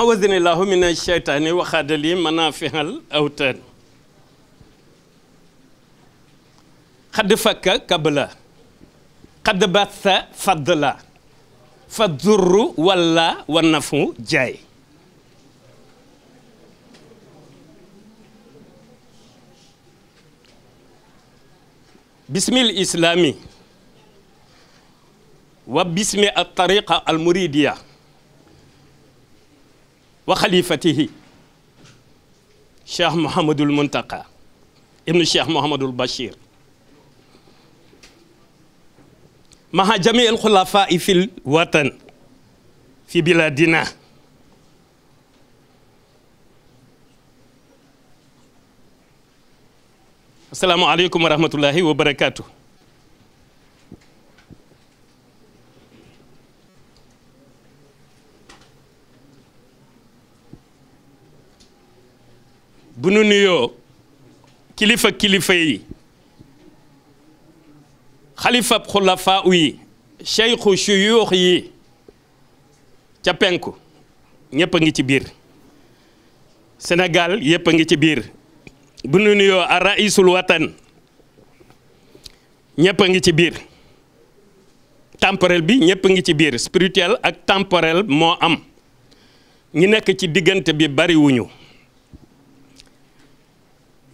حوذني الله من الشيطان وخاد لي منافع الأوتان قد فك قبل قد بث فضلا فالضر ولا والنفع جاي بسم الإسلامي وبسم الطريقة المريدية وخليفته شيخ محمد المنتقى ابن الشيخ محمد البشير مع جميع الخلفاء في الوطن في بلادنا السلام عليكم ورحمة الله وبركاته bunu nuyo kilifa kilifa yi khalifa khulafa yi cheikhu shuyukh yi ca penku ñepp ngi ci bir senegal yëpp ngi ci bir bunu nuyo ar raisul watan ñepp ngi ci bir temporel bi ñepp ngi ci bir spirituel ak temporel mo am ñi nek ci digënté bi wuñu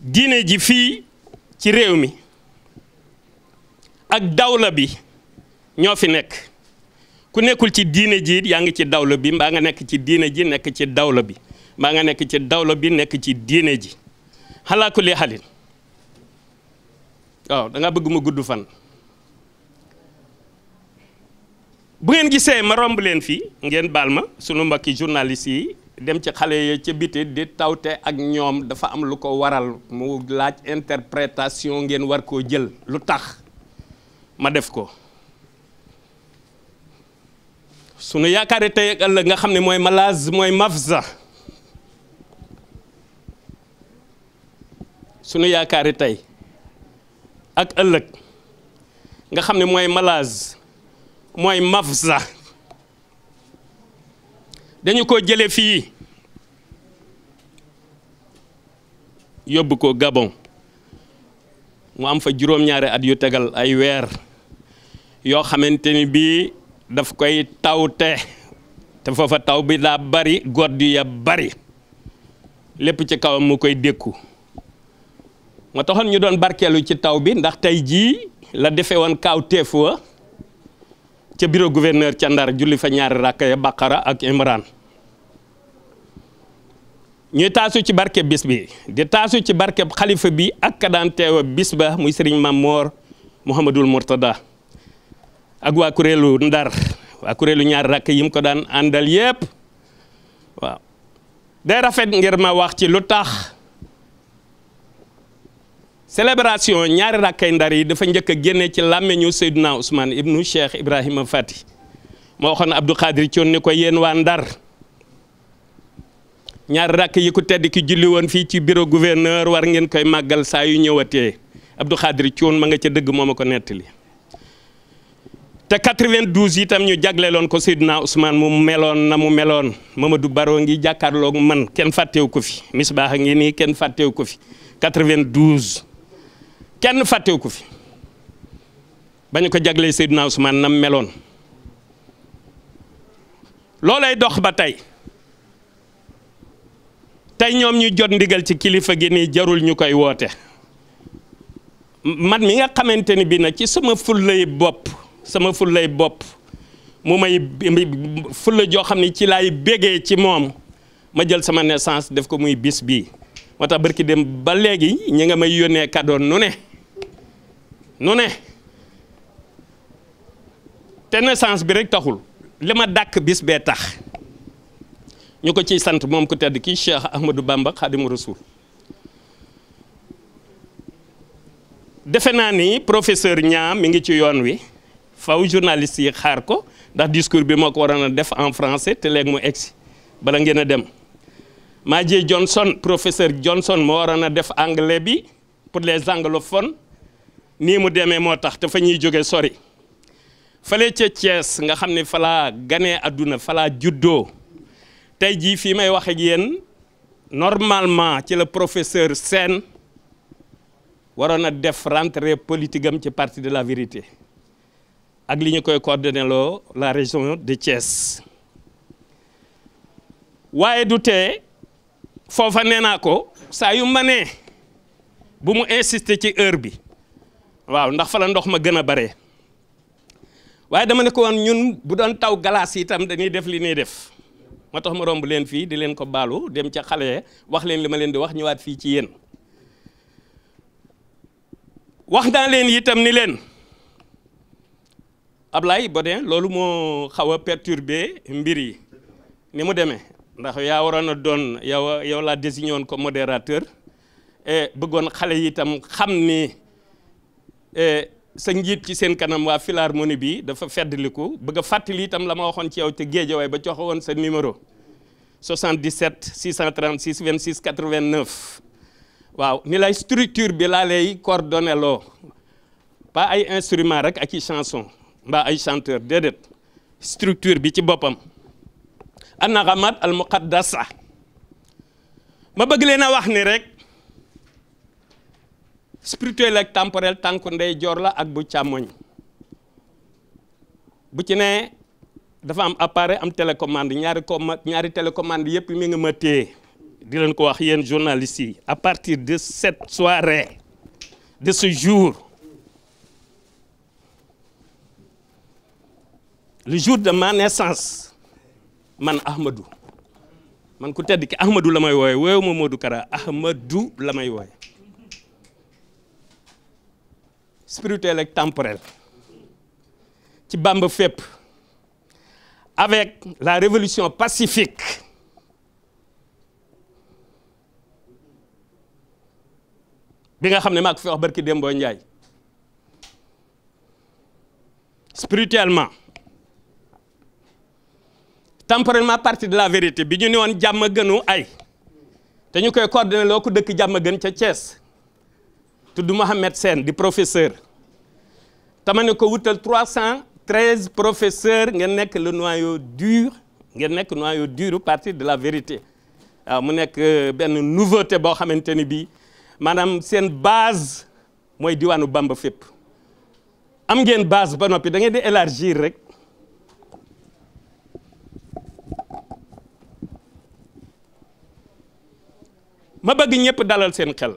diine ji fii ci réew mi ak dawla bi ñoo fi nekk ku nekkul ci diine ji yaa ngi ci dawla bi mbaa nga nekk ci diine ji nekk ci dawla bi mbaa nga nekk ci dawla bi nekk ci diine ji xalaaku li xalin waaw da bëgg ma gudd fan bu ngeen gisee ma romb leen fii ngeen baal ma sunu mbokki journaliste yi dem ci xale yi ca biti di tawte ak ñoom dafa am lu ko waral mu laaj interpretation ngeen war koo jël lu tax ma def ko sunu yaakaari tey ak ëllëg nga xam ne mooy malaaz mooy mafza sunu yaakaari tey ak ëllëg nga xam ne mooy malaaz mooy mafza dañu ko jële fii yóbbu ko Gabon mu am fa juróom-ñaari at yu tegal ay weer yoo xamante ni bii daf koy tawte te foofa taw bi daa bari godd ya bari lépp ci kawam mu koy dékku moo taxoon ñu doon barkeelu ci taw bi ndax tey jii la defe woon kaw teef wa ca bureau gouverneur ca Ndar julli fa ñaari rakka ya Baqara ak Imran ñuy taasu ci barke bis bi di taasu ci barke xalifa bi ak ka daan teewa bis ba muy sëriñ Mamor Mouhamadul Mourtada ak waa kuréelu Ndar waa kuréelu ñaari rakk yi ko daan àndal yépp waaw rafet ngir ma wax ci lu tax célébration ñaari rakkay ndar yi dafa njëkk a génne ci làmmeñu Seydina Ousmane ibnu Cheikh Ibrahima Fati moo xam Abdou Khadir Thion ni ko yéen waa ndar ñaari rakk yi ku tedd ki julli woon fii ci bureau gouverneur war ngeen koy màggal saa yu ñëwatee Abdou Khadir Thion ma nga ca dëgg moom a ko nettali te 92 itam ñu jagleeloon ko Seydina Ousmane mu meloon na mu meloon du Baro ngi jàkkaarloog man kenn fàttewu ko fi Misbaax ngi nii kenn fàttewu ko fi 92. kenn fàttewu ko fi bañu ko jaglee Seydina Ousmane nam meloon loolay dox ba tey tey ñoom ñu jot ndigal ci kilifa gi nii jarul ñu koy woote man mi nga xamante ni bii nag ci sama fullay bopp sama fullay bopp mu may fulla joo xam ne ci laay bégee ci moom ma jël sama naissance def ko muy bis bii moo tax barki dem ba léegi ñi nga may yónnee cadeau nu ne nu ne te naissance bi rek taxul li ma dàkk bis bee tax ñu ko ciy sant moom ku tedd kii Cheikh Ahmadou Bamba Khadimu Rasoul defe naa ni professeur ñaam mi ngi ci yoon wi faw journaliste yi xaar ko ndax discours bi moo ko waroon a def en français te léegi mu egsi bala ngeen a dem Majey Johnson professeur Johnson moo waroon a def anglais bi pour les anglophones ni mu demee moo tax te fa ñuy sori fale ci Thiès nga xam ne gané aduna àdduna falaa juddoo tey jii fii may wax ak yeen normalement ci le professeur sen warona def rentrée politique ci parti de la vérité ak li ñu koy coordonné loo la région de Thiès waaye du té fofa néna ko sa yu mané bu mu insister ci heure bi waaw ndax fa la ndox ma gën a bare waaye dama ne ko ñun bu doon taw galaas itam dañuy def li ñuy def moo tax ma romb leen fii di leen ko baalu dem ca xale wax leen li ma leen di wax ñëwaat fii ci yéen wax naa leen itam ni leen Ablaye Bodin loolu moo xaw a perturbé mbir yi ni mu demee ndax yaa waroon a doon yow yow laa désigné woon ko modérateur bëggoon xale yitam xam ni. Eh, sa njiit ci sen kanam wa Philharmonie bi dafa feddliku bëgg a fàttali itam la ma ci yow te way ba joxe sa numéro 77 636 26 89 waaw ni lay structure bi la lay coordonné pas ay instrument rek ak i chanson mbaa ay chanteur dedet structure bi ci boppam annaxamat al muqaddasa ma bëgg leena wax ni rek spirituel et temporel tant ndey est la ak bu càmmoñ bu ci ne dafa am appareil am télécommande ñaari com ñaari télécommande yépp mi nga ma téye di leen ko wax yéen journalistes à partir de cette soirée de ce jour le jour de ma naissance man Ahmadou man ku tedd ki Ahmadou la may wooye woowu Modou Kara Ahmadou la may spirituel et temporel ci Bamba fep avec la révolution pacifique bi nga xamné ne ko fi wax barki Dembo ndjay. spirituellement temporellement à de la vérité biñu ñu ne woon gënu ay té ñu koy coordonné dëkk jàmm gën ca Thiès tudd Mohamed Sène di professeur tama ne ko wutal trois cent treize professeurs ngeen nekk le noyau dur ngeen nekk noyau dur parti de la vérité waaw mu nekk euh, benn nouveauté boo xamante ni bii maanaam seen base mooy diwaanu Bamba fépp am ngeen base ba noppi da ngeen di élargir rek ma bëgg ñëpp dalal seen xel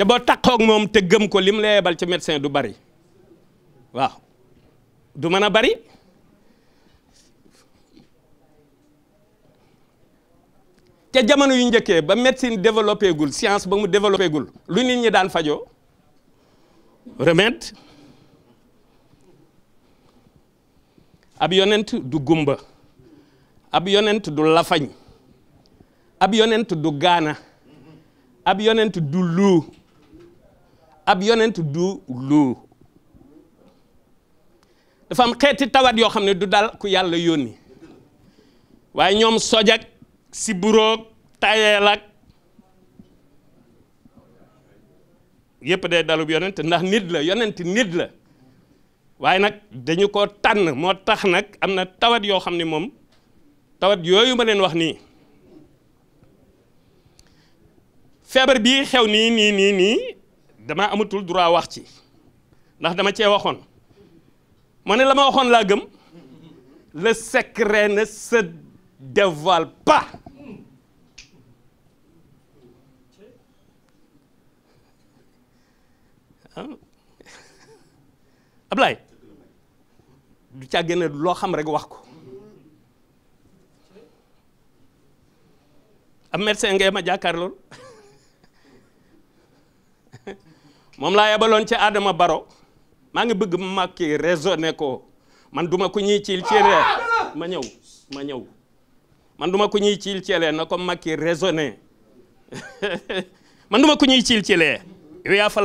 te boo takkook moom te gëm ko lim la yebal ci médecin du bari waaw du mën a bari te jamono yu njëkkee ba médecine développé gul science ba mu développé gul lu ni ñi daan fajo remède ab yonent du gumba ab yonent du lafañ ab yonent du gaana ab yonent du luu ab yonent du lu dafa am xéti tawat yo xamné du dal ku yalla yoni waye ñom sojak si buroog tayelak ak yépp day dalu yonent ndax nit la yonent nit la waye nak dañu ko tan mo tax nak amna tawat yo xamné mom tawat yoyu ma len wax ni feebar bi xew ni ni ni damaa amatul droit wax ci ndax dama cee waxoon ma ne la ma waxoon laa gëm le secret ne se dévoile pas ah. Ablaye du càgge ne loo xam rekk wax ko am médecin ngay ma jàkkaar loolu moom laa yabaloon ci Adama Baro maa ngi bëgg Macky raisonné ko man duma ku ñuy ciil ceelee ma ñëw ma ñëw man duma ku ñuy ciil ceelee na ko Macky raisonné man duma ku ñuy ciil ceelee yow yaa fa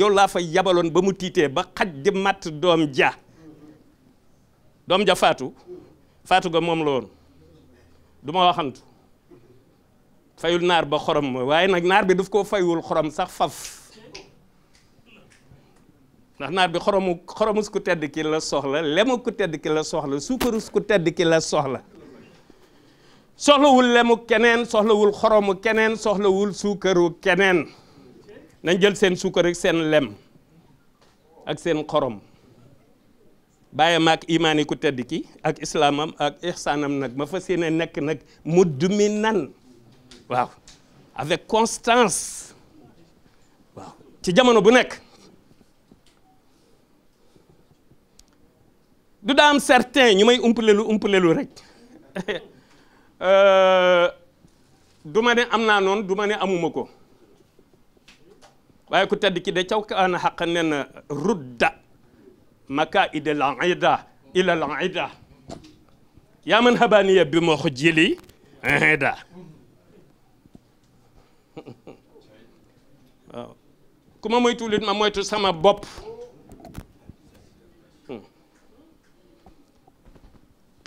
yow laa fa yabaloon ba mu tiitee ba xaj di doom ja doom ja faatu faatu ga moom la duma du waxantu fayul naar ba xorom waaye nag naar bi daf koo fayul xorom sax faf ndax naar bi xoromu xoromus ku tedd ki la soxla lemu ku tedd ki la soxla suukarus ku tedd ki la soxla soxlawul lemu keneen soxlawul xoromu keneen soxlawul suukaru keneen nañ jël seen suukar seen lem ak seen xorom bàyyi ma ak imaani ku tedd ki ak islaamam ak ihsaanam nag ma fas yéene nekk nag mudd mi nan waaw avec constance waaw ci jamono bu nekk dafa am certain ñu may umpalelu umpalelu rek euh, du ma am naa noonu du ma ne amuma ko waaye ku tedd ki de caw kaana xaq na rudda maka ida la ida ila la ida yaa man habaniya bi moo ko jili ida waaw ku ma moytuwul it sama bopp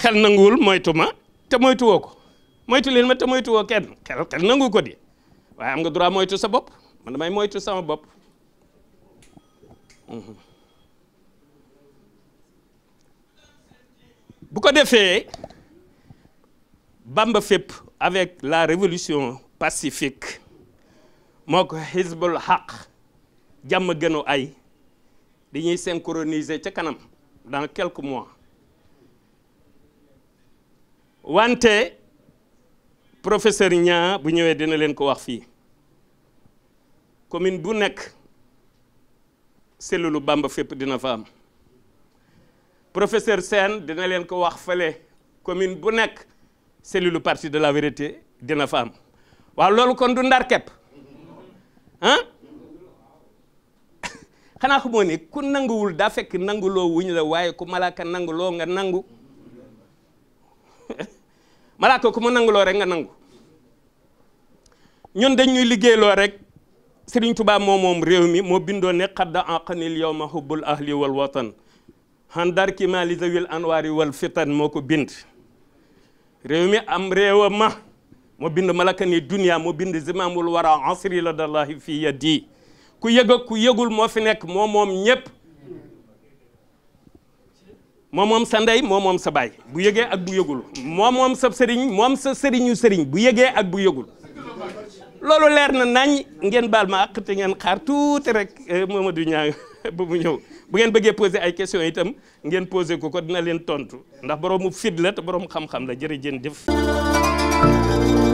kel nangul moytu ma te moytu woko moytu len ma te moytuwoo kenn xel kel nangu ko di waaye am nga droit moytu sa bop man damay moytu sama bop mhm. bu ko defee Bamba fépp avec la révolution pacifique moko Hizbul Haq jàmm gëno ay dañuy synchroniser ci kanam dans quelques mois wante professeur ñaa bu ñëwee dina leen ko wax fii commune bu nekk cellule Bamba fépp dina fa am professeur Sène dina leen ko wax fële commune bu nekk cellule parti de la vérité dina fa am waaw loolu kon du ndar ni ku nanguwul wuñ la ku nga nangu malaaka ku mu nanguloo rek nga nangu ñun dañ ñuy liggéeyloo rek Sëriñ Tuubaa moo moom réew mi moo bindoo ne xadda anqanil yow ma hubbul ahli wal watan xandar kima li zawil anwaari wal fitan moo ko bind réew mi am réewa ma moo bind malaka ni moo bind zimaamul wara ansri la dallahi fi yadi ku yëg ku yëgul moo fi nekk moo moom ñëpp moom moom sa ndey moom moom sa baay bu yëgee ak bu yëgul moom moom sa sëriñ moom sa sëriñu sëriñ bu yëgee ak bu yëgul loolu leer na nañ ngeen baal ma àq te ngeen xaar tuuti rek eh, Mamadou Niang ba mu ñëw bu ngeen bëggee poser ay questions itam ngeen poser ko ko dina leen tontu ndax boroomu fit la te boroom xam-xam la jërëjëf jëf